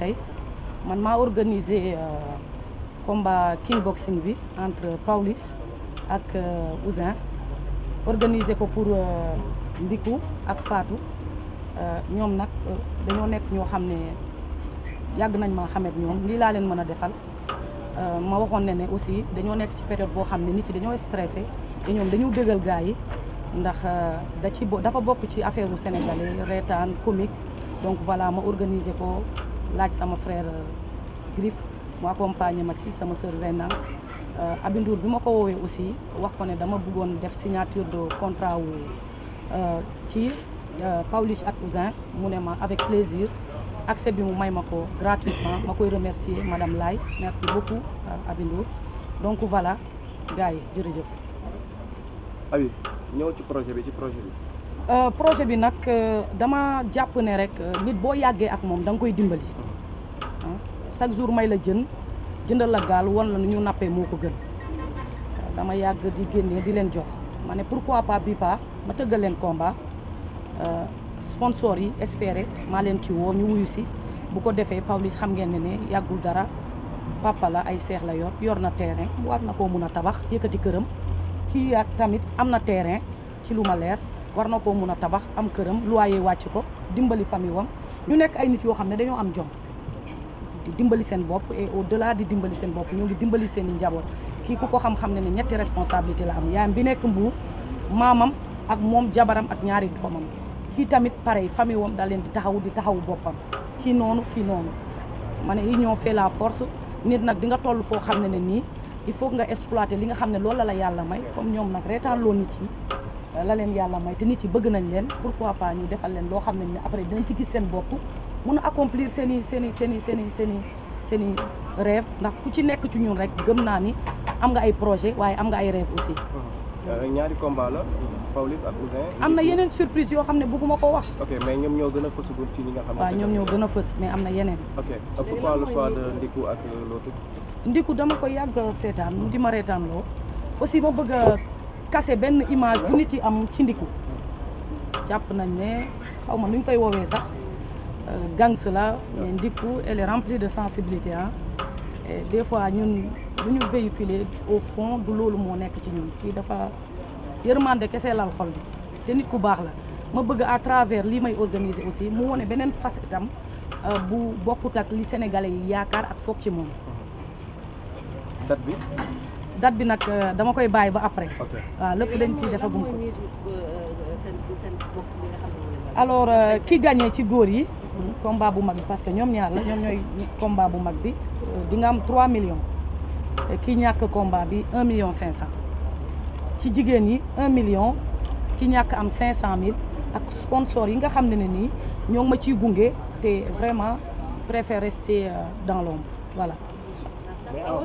tey man maa organisé euh, combat kickboxing bi entre Paulis ak euh, Ouzin organisé ko pour euh, Ndiku ak Fatou ñoom nag dañoo nekk ñoo xam ne yàgg nañ ma xamé ñoom li la leen mëna défal euh ma waxoon né né aussi dañu nek ci période bo xamné nit ci dañoo stressé te ñoom dañu bégal gaay yi ndax da ci dafa bok ci affaire u sénégalais rétane comique donc voilà ma organiser ko laaj sama frère euh, Griff, mu accompagner ma ci sama sœur Zainab euh Abindour bima ko wowe aussi wax ko ne dama def signature de contrat wu ci euh, euh, Paulish at cousin mu ne ma avec plaisir accès bi mu may gratuitement Je remercier madame Lay. merci beaucoup Abindour. donc voilà gars vous jërëjëf. Abi ñëw ci projet bi ci projet bi. Euh, projet bi nag euh, dama jàpp ne rek euh, nit boo yàggee ak moom da nga koy dimbali chaque jour may la jën jëndal la gaal won la nu ñu nappee moo ko gën dama yàgg di génne di leen jox ma ne pourquoi pas bi pas ma tëggal leen combat sponsor yi espéré maa leen ci woo ñu wuyu si bu ko defee Pawlish xam ngeen ne ne yàggul dara papa ay seex la yor yor na terrain am na koo mun a tabax yëkkati këram kii ak tamit am na terrain ci lu ma leer war na koo mun a tabax am këram lu waaye wàcc ko dimbali famille wam ñu nekk ay nit yoo xam ne dañoo am jom dimbali seen bopp et au delà di dimbali seen bopp ñu ngi dimbali seen i njaboot kii ku ko xam-xam ne ne ñetti responsabilité la am yaayam bi nekk mbuur maamam ak moom jabaram ak ñaari doomam kii tamit pareil famille wam da leen di taxawu di taxawu boppam kii noonu kii noonu ma ne union fait la force nit nag di nga toll foo xam ne ne nii il faut nga exploiter li nga xam ne loolu la la yàlla may comme ñoom nag reetaan loo nit yi la leen yàlla may te nit yi bëgg nañ leen pourquoi pas ñu defal leen loo xam ne après dañ ci gis seen bopp mun a accomplir seen i seen i seen i seen i seen i seen i rêve ndax ci nekk ci ñun rek gëm naa ni am nga ay waaye am nga ay rêve aussi. Uh-huh. Uh, ñaari combat la. Pawlish ak na yeneen surprise yoo xam ne bëgguma ko wax. ok mais ñoom ñoo gën a fësagul waaw ñoom ñoo gën a fës mais am na yeneen. ok pourquoi le choix de Ndiku ak Lotu. Ndiku dama ko yàgg seetaan mu di ma reetaan loo aussi ma bëgg kase ben image bu nit am ci ndiku japp nañ né xawma nuñ koy wowe sax euh, gangs la mais ndiku elle est remplie de sensibilité hein et des fois ñun buñu véhiculer au fond du lolu mo nekk ci ñun ki dafa yërmande kessé lal xol bi té nit ku bax la ma bëgg à travers li may organiser aussi mu wone beneen facette am euh, bu bokut ak li sénégalais yi yaakaar ak fokk ci mom set bi date bi nak euh, dama koy baye ba après. wa lepp dañ ciy defagum ko. Euh, euh, alors ki gagné ci gor yi. combat bu mag parce que ñom ñaar la ñoom ñooy combat bu mag bi di nga am 3 millions. ki ñàkk combat bi 1 million 500. ci jigen yi 1 million ki ñàkk am 500000 ak sponsor yi nga xamné ni ne ma ciy gunge té vraiment préfère rester dans l'ombre voilà. waaw.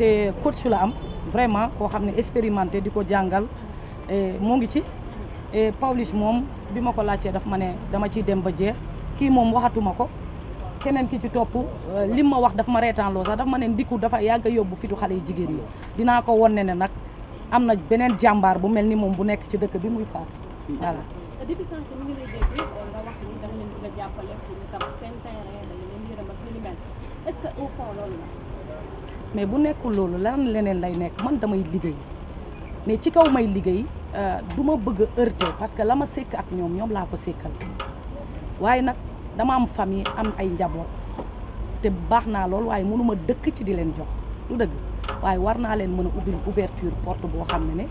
te coach la am vraiment ko xamné expérimenté diko jangal euh mo ngi ci et Pawlish mom bima ko laccé daf ma ne dama ci dem ba djé ki mom waxatuma ko keneen ki ci top euh, lim ma wax daf ma rétan lo sax daf ma ne ndikku dafa yàgg a yóbbu fitu xalé yi jigéen yi dinaa ko wonné né nak amna benen jambar bu melni mom bu nek ci dëkk bi muy faa voilà depuis sànq mi ngi lay dégg euh, nga wax ni da nga leen bëgg a jàppale pour ñu tam seen terrain la leen yërëm ak li mel est-ce que au fond lolou mais bu nekkul loolu lan leneen lay nekk man damay liggéey mais ci kaw may liggéey euh, du ma bëgg a heurté parce que la ma sékk ak ñoom ñoom laa ko sékkal waaye nag dama am famille am ay njaboot te baax naa lool waaye mënuma dëkk ci di leen jox lu dëgg waaye war naa leen mën a ubbil ouverture port boo xam ne ne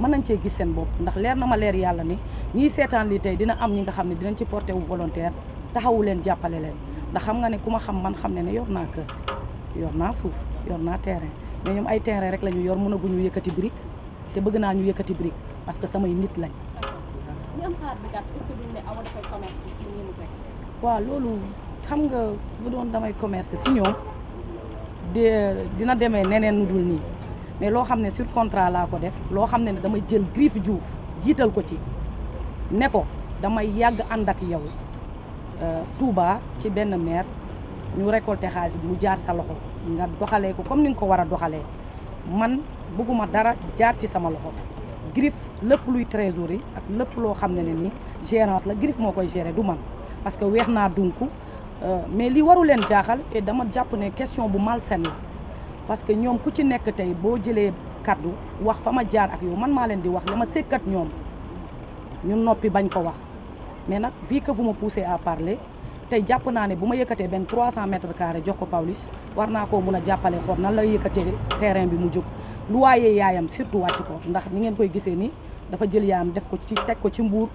mën nañ cee gis seen bopp ndax leer na ma leer yàlla ni ñiy seetaan lii tey dina am ñi nga xam ne dinañ ci porté wu volontaire taxawu leen jàppale leen ndax xam nga ne ku ma xam man xam ne ne yor naa kër yor naa suuf yor naa terrain mais ñoom ay terrain rek la ñu yor mënaguñu yëkkati brique te bëgg naa ñu yëkkati brique parce que samay nit lañ. waaw loolu xam nga bu doon damay commerce si ñoom de dina demee neneen nu dul nii mais loo xam ne sur contrat laa ko def loo xam ne ne damay jël griffe juuf jiital ko ci ne ko damay yàgg ànd ak yow euh, Touba ci benn maire ñu récolté xaalis bi mu jaar sa loxo nga doxalee ko comme ni nga ko war a doxalee man bëgguma dara jaar ci sama loxo griffe lépp luy trésorerie ak lépp loo xam ne ne ni gérance la griffe moo koy gérer du man parce que weex naa dunk euh, mais li waru leen jaaxal et dama jàpp ne question bu malsaine la parce que ñoom ku ci nekk tey boo jëlee kaddu wax fa ma jaar ak yow man maa leen di wax la ma sékkat ñoom ñu noppi bañ ko wax mais nag vu que vous me poussez à parler tay japp na ne buma yëkëté ben 300 mètres carré jox ko paulis war naa koo mun a nan la yëkëté terrain bi mu jóg lu waayee yaayam surtout wacc ko ndax ni ngeen koy gisee ni dafa jël yaam def ko ci tek ko ci mbour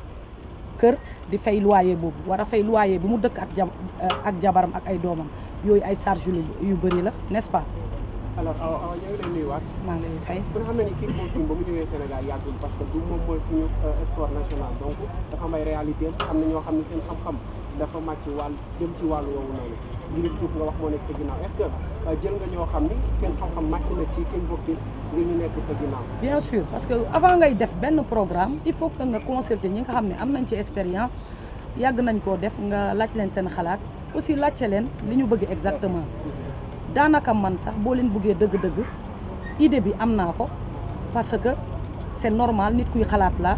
kër di fay loyer boobu wara fay loyer bi mu dëkk ak ja eh, ak jabaram ak ay domam yoy ay charge yu bëri la n'est-ce pas. alors Awa euh, euh, ngi lay fay. bu dafa màcc wàll jëm ci wàllu woowu noonu ngir tuuf nga wax moo une expérience, ginnaaw est ce que euh, jël nga ñoo xam seen xam-xam màcc na ci kickboxing ngir ñu nekk sa ginnaaw bien sûr parce que avant ngay def benn programme il faut que nga consulter ñi nga xam il am nañ ci expérience il nañ a def nga laaj leen seen xalaat aussi laajte leen li ñu bëgg exactement daanaka man sax boo leen bëggee dëgg-dëgg idée bi am naa ko parce que c'est est normal nit kuy xalaat la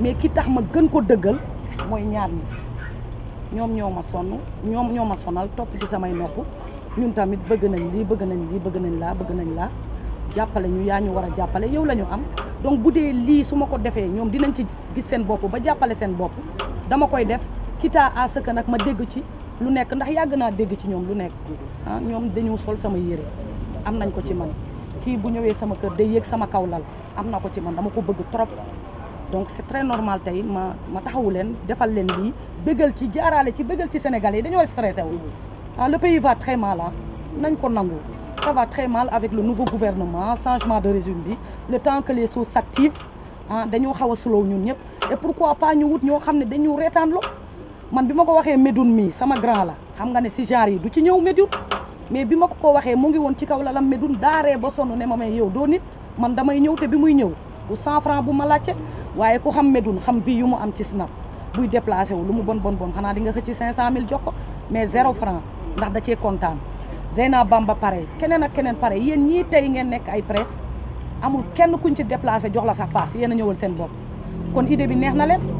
mais ki tax ma gën ko dëggal mooy ñaar ñi ñoom ñoo ma sonn ñoom ñoo ma sonal topp ci samay nopp ñun tamit bëgg nañ lii bëgg nañ lii bëgg nañ laa bëgg nañ laa jàppale ñu yaa ñu war a jàppale yow la am donc bu dee lii su ma ko defee ñoom dinañ ci gis seen bopp ba jàppale seen bopp dama koy def quitte à ce que nag ma dégg ci lu nekk ndax yàgg naa dégg ci ñoom lu nekk ah ñoom dañu sol sama yére am nañ ko ci man kii bu ñëwee sama kër day yéeg sama kaw lal am na ko ci man dama ko bëgg trop donc c'est très normal tay ma ma taxawu len defal len lii bëggal ci jaaraale ci bëggal ci Sénégalais yi dañoo stressé wu ah le pays va très mal ah nañ ko nangu ça va très mal avec le nouveau gouvernement changement de régime bi le temps que les choses s'activent ah dañu xaw solo ñun ñep et pourquoi pas ñu wut ño xamné dañu rétane lo man bima ko waxé medoun mi sama grand la xam nga né ci genre yi du ci ñëw medoun mais bima ko ko waxé mo ngi won ci kaw la lam medoun daaree ba sonu né ma may yow do nit man damay ñëw té bi muy ñëw bu cent franc bu ma laajte waaye ku xam Médoune xam vie yu mu am ci snap buy déplacé wu lu mu bon bon bon xanaa di nga ko ci 500000 jox ko mais zéro franc ndax da cee kontaan Zeyna Bamba pare keneen ak keneen pare yéen ñii tey ngeen nekk ay presse amul kenn kuñ ci déplacé jox la sax paas yéen a ñëwal seen bopp kon idée i neex na leen.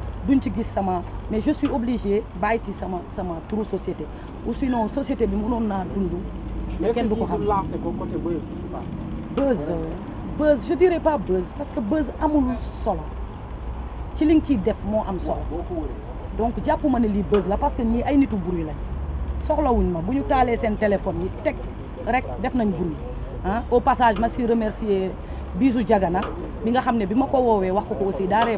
buñ ci gis sama mais je suis obligée de sama société ou sinon société bi mënon mais kenn du buzz. Euh, buzz je dirais pas buzz parce que buzz amul solo ci def am solo donc je ma buzz parce que ni ay nitu bruit lañ ma téléphone ah, au passage ma si remercier Diagana mi nga xamné je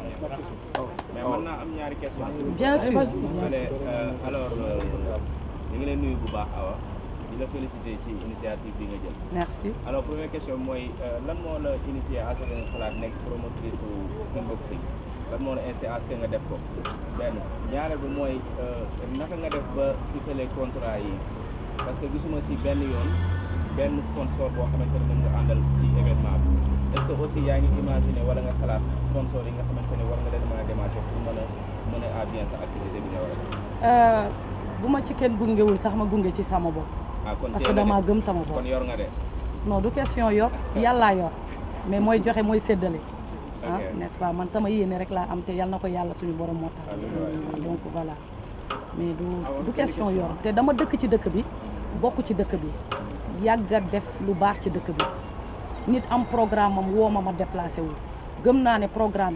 mais mën naa am ñaari question bien sûr alors euh, ñu ngi leen nuyu bu baax Awa di la féliciter ci initiative bi nga jël merci alors première question mooy euh, lan moo la initié à ce que nga xalaat nekk promotrice su kickboxing lan moo la incité nga def ko benn ñaareel bi mooy euh, naka nga def ba ficeler contrat yi parce que gisuma ci benn yoon benn sponsor boo xamante ne nga àndal ci événement bi yaa ngi imaginer wala nga xalaat sponsor yi a démarcher pour mën a mën euh, bu ma ci kenn gungewul sax ma gunge ci sama bopp. Ah, parce que damaa gëm sama bopp du question yor yàllaa yor mais mooy joxe mooy séddale. ah nest man sama yéene rek laa am te yal na ko yàlla suñu borom moo tax. donc voilà mais du ah, du question yor te dama dëkk ci dëkk bi bokk ci dëkk bi yàgga def lu baax ci dëkk bi. nit am programme am woo ma ma déplacé wu gëm naa ne programme